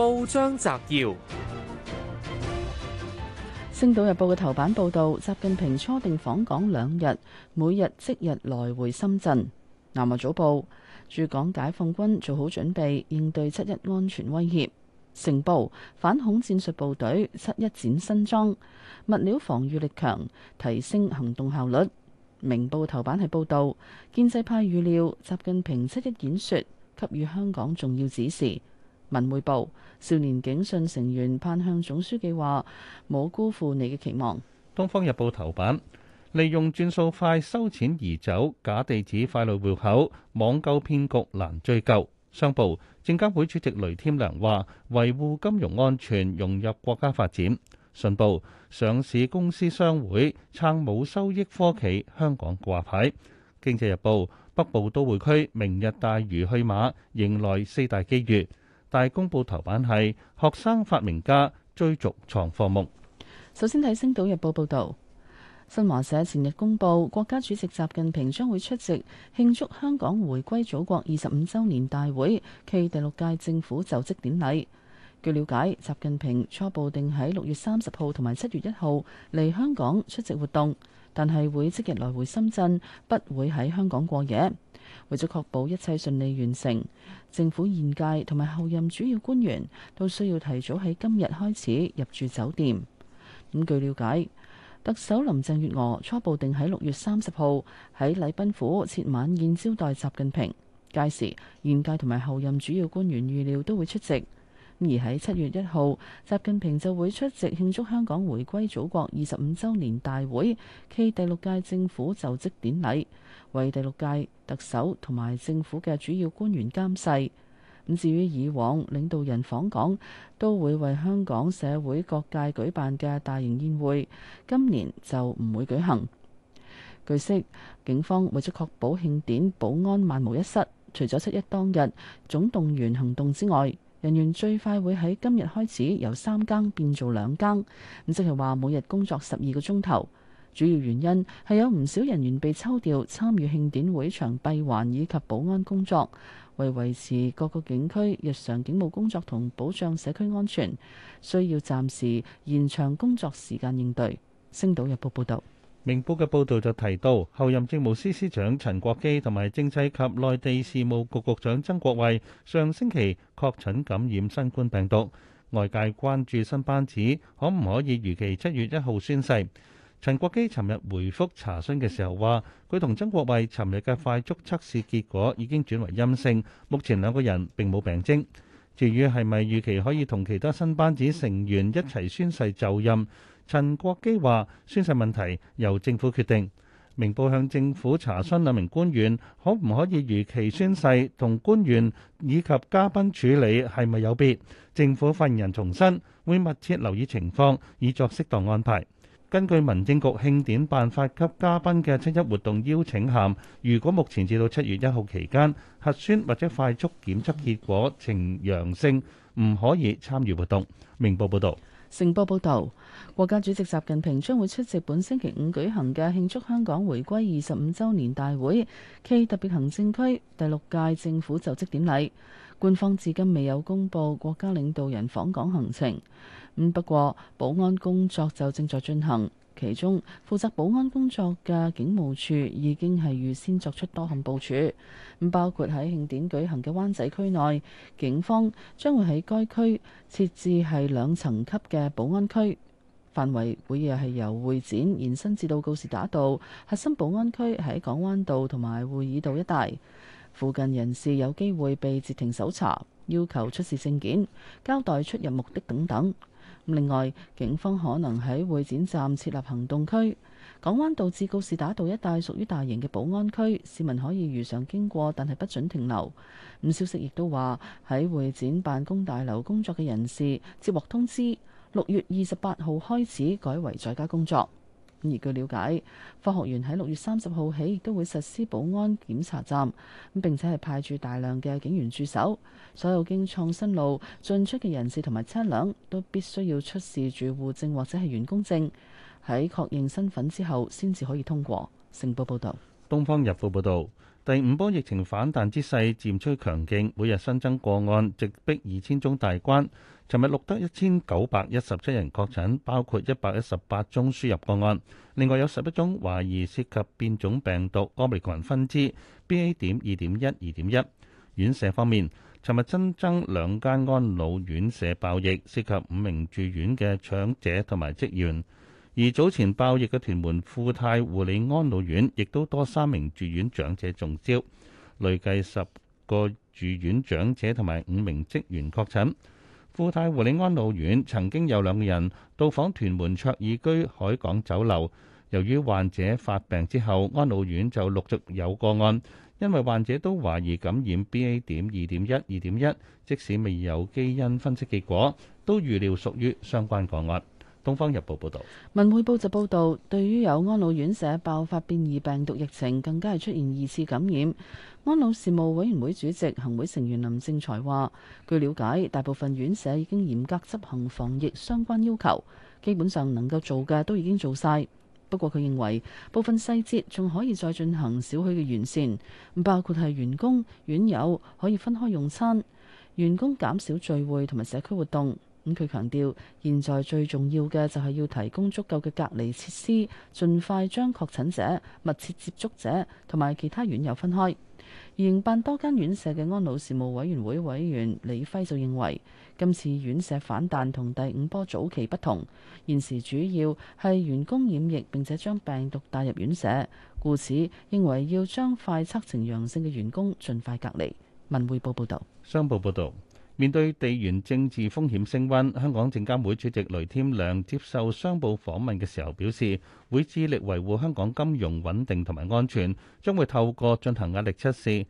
報章摘要：《星島日報》嘅頭版報道，習近平初定訪港兩日，每日即日來回深圳。《南華早報》駐港解放軍做好準備應對七一安全威脅。《成報》反恐戰術部隊七一展新裝，物料防禦力強，提升行動效率。《明報》頭版係報道，建制派預料習近平七一演說給予香港重要指示。文匯報，少年警訊成員盼向總書記話：冇辜負你嘅期望。東方日報頭版，利用轉數快收錢而走假地址，快路戶口網購騙局難追究。商報證監會主席雷添良話：維護金融安全，融入國家發展。信報，上市公司商會撐冇收益科技香港掛牌。經濟日報，北部都會區明日大嶼去馬，迎來四大機遇。大公報頭版係學生發明家追逐創貨目。首先睇《星島日報》報導，新華社前日公佈，國家主席習近平將會出席慶祝香港回歸祖國二十五週年大會暨第六屆政府就職典禮。據了解，習近平初步定喺六月三十號同埋七月一號嚟香港出席活動，但係會即日來回深圳，不會喺香港過夜。為咗確保一切順利完成，政府現屆同埋後任主要官員都需要提早喺今日開始入住酒店。咁，嗯，據了解，特首林鄭月娥初步定喺六月三十號喺禮賓府設晚宴招待習近平，屆時現屆同埋後任主要官員預料都會出席。而喺七月一號，習近平就會出席慶祝香港回歸祖國二十五週年大會暨第六屆政府就職典禮，為第六屆特首同埋政府嘅主要官員監誓。咁至於以往領導人訪港都會為香港社會各界舉辦嘅大型宴會，今年就唔會舉行。據悉，警方為咗確保慶典保安萬無一失，除咗七一當日總動員行動之外，人員最快會喺今日開始由三更變做兩更，咁即係話每日工作十二個鐘頭。主要原因係有唔少人員被抽調參與慶典會場閉環以及保安工作，為維持各個景區日常警務工作同保障社區安全，需要暫時延長工作時間應對。星島日報報道。明報嘅報導就提到，候任政務司司長陳國基同埋政制及內地事務局局長曾國衛上星期確診感染新冠病毒，外界關注新班子可唔可以預期七月一號宣誓？陳國基尋日回覆查詢嘅時候話，佢同曾國衛尋日嘅快速測試結果已經轉為陰性，目前兩個人並冇病徵。至於係咪預期可以同其他新班子成員一齊宣誓就任？陳國基話：宣誓問題由政府決定。明報向政府查詢兩名官員可唔可以如期宣誓，同官員以及嘉賓處理係咪有別？政府發言人重申，會密切留意情況，以作適當安排。根據民政局慶典辦法給嘉賓嘅七一活動邀請函，如果目前至到七月一號期間核酸或者快速檢測結果呈陽性，唔可以參與活動。明報報導。成報報道，國家主席習近平將會出席本星期五舉行嘅慶祝香港回歸二十五週年大會暨特別行政區第六屆政府就職典禮。官方至今未有公布國家領導人訪港行程。咁不過，保安工作就正在進行。其中負責保安工作嘅警務處已經係預先作出多項部署，包括喺慶典舉行嘅灣仔區內警方將會喺該區設置係兩層級嘅保安區範圍會又係由會展延伸至到告士打道，核心保安區喺港灣道同埋會議道一帶附近人士有機會被截停搜查，要求出示證件、交代出入目的等等。另外，警方可能喺會展站設立行動區，港灣道至告士打道一帶屬於大型嘅保安區，市民可以如常經過，但係不准停留。咁消息亦都話，喺會展辦公大樓工作嘅人士接獲通知，六月二十八號開始改為在家工作。而據了解，科學園喺六月三十號起亦都會實施保安檢查站，咁並且係派駐大量嘅警員駐守，所有經創新路進出嘅人士同埋車輛都必須要出示住戶證或者係員工證，喺確認身份之後先至可以通過。成報報道：《東方日報》報道。第五波疫情反彈之勢漸趨強勁，每日新增個案直逼二千宗大關。尋日錄得一千九百一十七人確診，包括一百一十八宗輸入個案，另外有十一宗懷疑涉，涉及變種病毒奧密克戎分支 BA. 點二點一二點一。院舍方面，尋日新增兩間安老院舍爆疫，涉及五名住院嘅長者同埋職員。而早前爆疫嘅屯門富泰護理安老院，亦都多三名住院長者中招，累計十個住院長者同埋五名職員確診。富泰護理安老院曾經有兩個人到訪屯門卓爾居海港酒樓，由於患者發病之後，安老院就陸續有個案，因為患者都懷疑感染 BA 點二點一二點一，即使未有基因分析結果，都預料屬於相關個案。《東方日報》報道，《文匯報》就報導，對於有安老院舍爆發變異病毒疫情，更加係出現二次感染。安老事務委員會主席、行會成員林正財話，據了解，大部分院舍已經嚴格執行防疫相關要求，基本上能夠做嘅都已經做晒。不過，佢認為部分細節仲可以再進行少許嘅完善，包括係員工、院友可以分開用餐，員工減少聚會同埋社區活動。咁佢強調，現在最重要嘅就係要提供足夠嘅隔離設施，盡快將確診者、密切接觸者同埋其他院友分開。營辦多間院舍嘅安老事務委員會委員李輝就認為，今次院舍反彈同第五波早期不同，現時主要係員工染疫並且將病毒帶入院舍，故此認為要將快測呈陽性嘅員工盡快隔離。文匯報報道。商報報導。面對地緣政治風險升溫，香港證監會主席雷添良接受商報訪問嘅時候表示，會致力維護香港金融穩定同埋安全，將會透過進行壓力測試、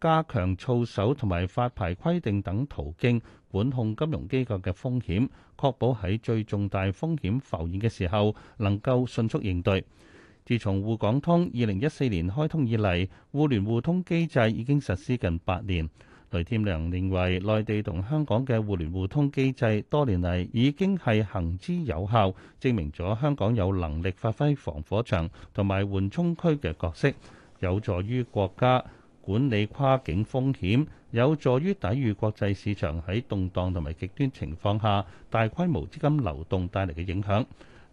加強操守同埋發牌規定等途徑管控金融機構嘅風險，確保喺最重大風險浮現嘅時候能夠迅速應對。自從滬港通二零一四年開通以嚟，互聯互通機制已經實施近八年。雷添良認為，內地同香港嘅互聯互通機制多年嚟已經係行之有效，證明咗香港有能力發揮防火牆同埋緩衝區嘅角色，有助於國家管理跨境風險，有助於抵禦國際市場喺動盪同埋極端情況下大規模資金流動帶嚟嘅影響。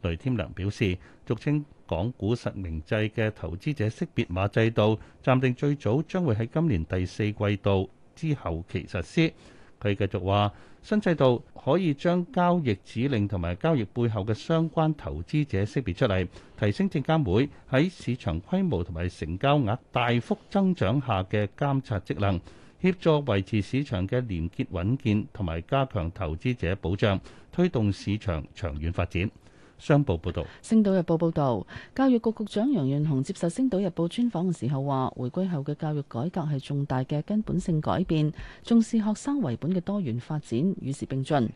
雷添良表示，俗稱港股實名制嘅投資者識別碼制度暫定最早將會喺今年第四季度。之後期實施，佢繼續話：新制度可以將交易指令同埋交易背後嘅相關投資者識別出嚟，提升證監會喺市場規模同埋成交額大幅增長下嘅監察職能，協助維持市場嘅廉潔穩健同埋加強投資者保障，推動市場長遠發展。商報報道，《星島日報》報道，教育局局長楊潤雄接受《星島日報》專訪嘅時候話，回歸後嘅教育改革係重大嘅根本性改變，重視學生為本嘅多元發展，與時並進。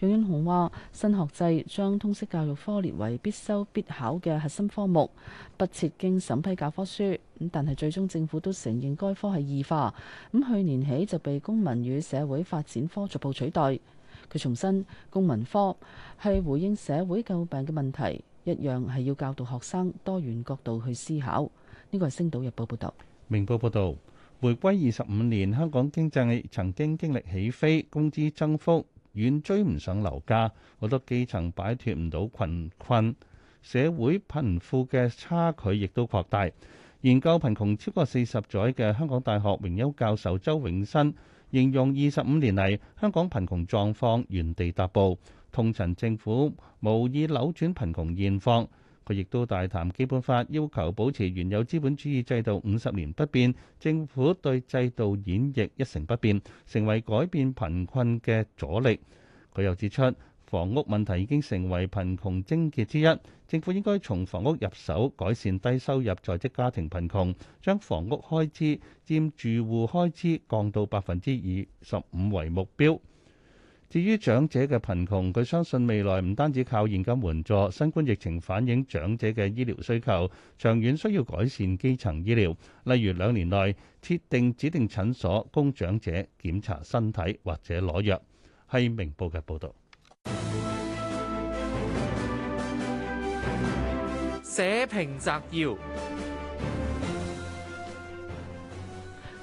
楊潤雄話，新學制將通識教育科列為必修必考嘅核心科目，不設經審批教科書。咁但係最終政府都承認該科係異化。咁去年起就被公民與社會發展科逐步取代。佢重申，公民科係回應社會詬病嘅問題，一樣，係要教導學生多元角度去思考。呢、這個係星島日報報道，《明報》報道。回歸二十五年，香港經濟曾經經歷起飛，工資增幅遠追唔上樓價，好多基層擺脫唔到貧困，社會貧富嘅差距亦都擴大。研究貧窮超過四十載嘅香港大學榮休教授周永新。形容二十五年嚟香港貧窮狀況原地踏步，痛陳政府無意扭轉貧窮現況，佢亦都大談基本法要求保持原有資本主義制度五十年不變，政府對制度演繹一成不變成為改變貧困嘅阻力。佢又指出。房屋問題已經成為貧窮症結之一，政府應該從房屋入手改善低收入在職家庭貧窮，將房屋開支佔住戶開支降到百分之二十五為目標。至於長者嘅貧窮，佢相信未來唔單止靠現金援助。新冠疫情反映長者嘅醫療需求，長遠需要改善基層醫療，例如兩年內設定指定診所供長者檢查身體或者攞藥。係明報嘅報道。社評摘要：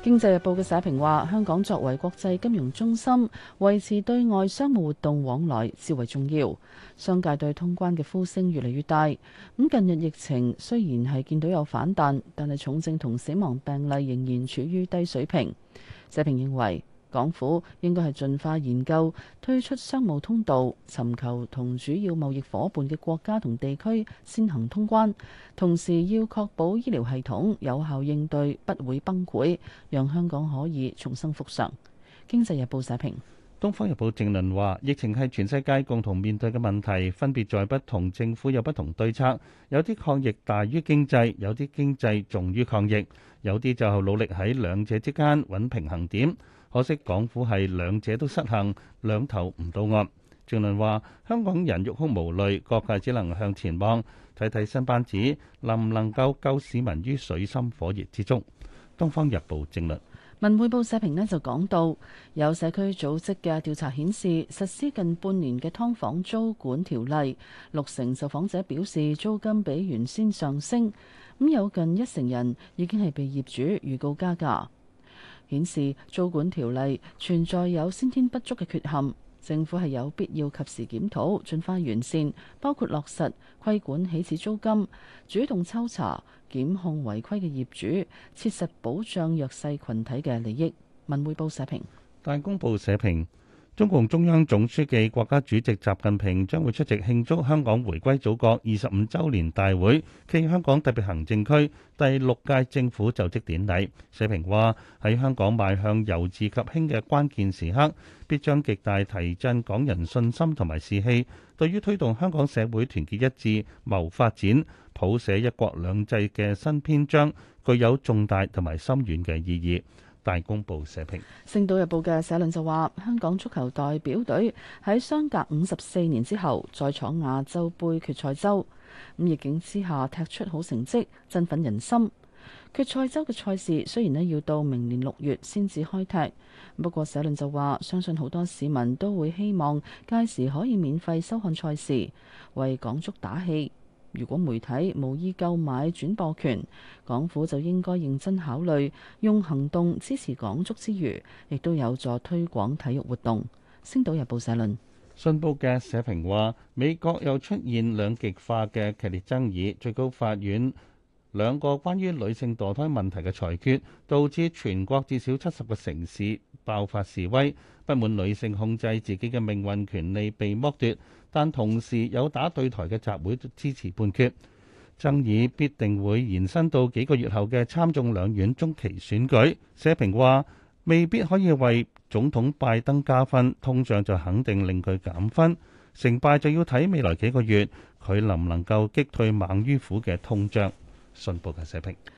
經濟日報嘅社評話，香港作為國際金融中心，維持對外商務活動往來至為重要。商界對通關嘅呼聲越嚟越大。咁近日疫情雖然係見到有反彈，但係重症同死亡病例仍然處於低水平。社評認為。港府應該係盡快研究推出商務通道，尋求同主要貿易伙伴嘅國家同地區先行通關，同時要確保醫療系統有效應對，不會崩潰，讓香港可以重新復常。經濟日報社評。《東方日報》正論話：疫情係全世界共同面對嘅問題，分別在不同政府有不同對策，有啲抗疫大於經濟，有啲經濟重於抗疫，有啲就係努力喺兩者之間揾平衡點。可惜港府係兩者都失衡，兩頭唔到岸。政論話香港人欲哭無淚，各界只能向前望，睇睇新班子能唔能夠救市民於水深火熱之中。《東方日報》政論。文匯報社評呢就講到，有社區組織嘅調查顯示，實施近半年嘅劏房租管條例，六成受訪者表示租金比原先上升，咁有近一成人已經係被業主預告加價。顯示租管條例存在有先天不足嘅缺陷，政府係有必要及時檢討，盡快完善，包括落實規管起始租金、主動抽查檢控違規嘅業主，切實保障弱勢群體嘅利益。文匯報社評，大公報社評。中共中央總書記、國家主席習近平將會出席慶祝香港回歸祖國二十五週年大會暨香港特別行政區第六屆政府就職典禮。社評話喺香港邁向由治及興嘅關鍵時刻，必將極大提振港人信心同埋士氣，對於推動香港社會團結一致、謀發展、譜寫一國兩制嘅新篇章，具有重大同埋深遠嘅意義。大公報社評，《星島日報》嘅社論就話：香港足球代表隊喺相隔五十四年之後再闖亞洲杯決賽周，咁逆境之下踢出好成績，振奮人心。決賽周嘅賽事雖然呢要到明年六月先至開踢，不過社論就話，相信好多市民都會希望屆時可以免費收看賽事，為港足打氣。如果媒體無意購買轉播權，港府就應該認真考慮用行動支持港足之餘，亦都有助推廣體育活動。《星島日報社論》社論，《信報》嘅社評話：美國又出現兩極化嘅劇烈爭議，最高法院兩個關於女性墮胎問題嘅裁決，導致全國至少七十個城市爆發示威。不滿女性控制自己嘅命運權利被剝奪，但同時有打對台嘅集會支持判決。爭議必定會延伸到幾個月後嘅參眾兩院中期選舉。社評話，未必可以為總統拜登加分，通脹就肯定令佢減分。成敗就要睇未來幾個月，佢能唔能夠擊退猛於虎嘅通脹。信報嘅社評。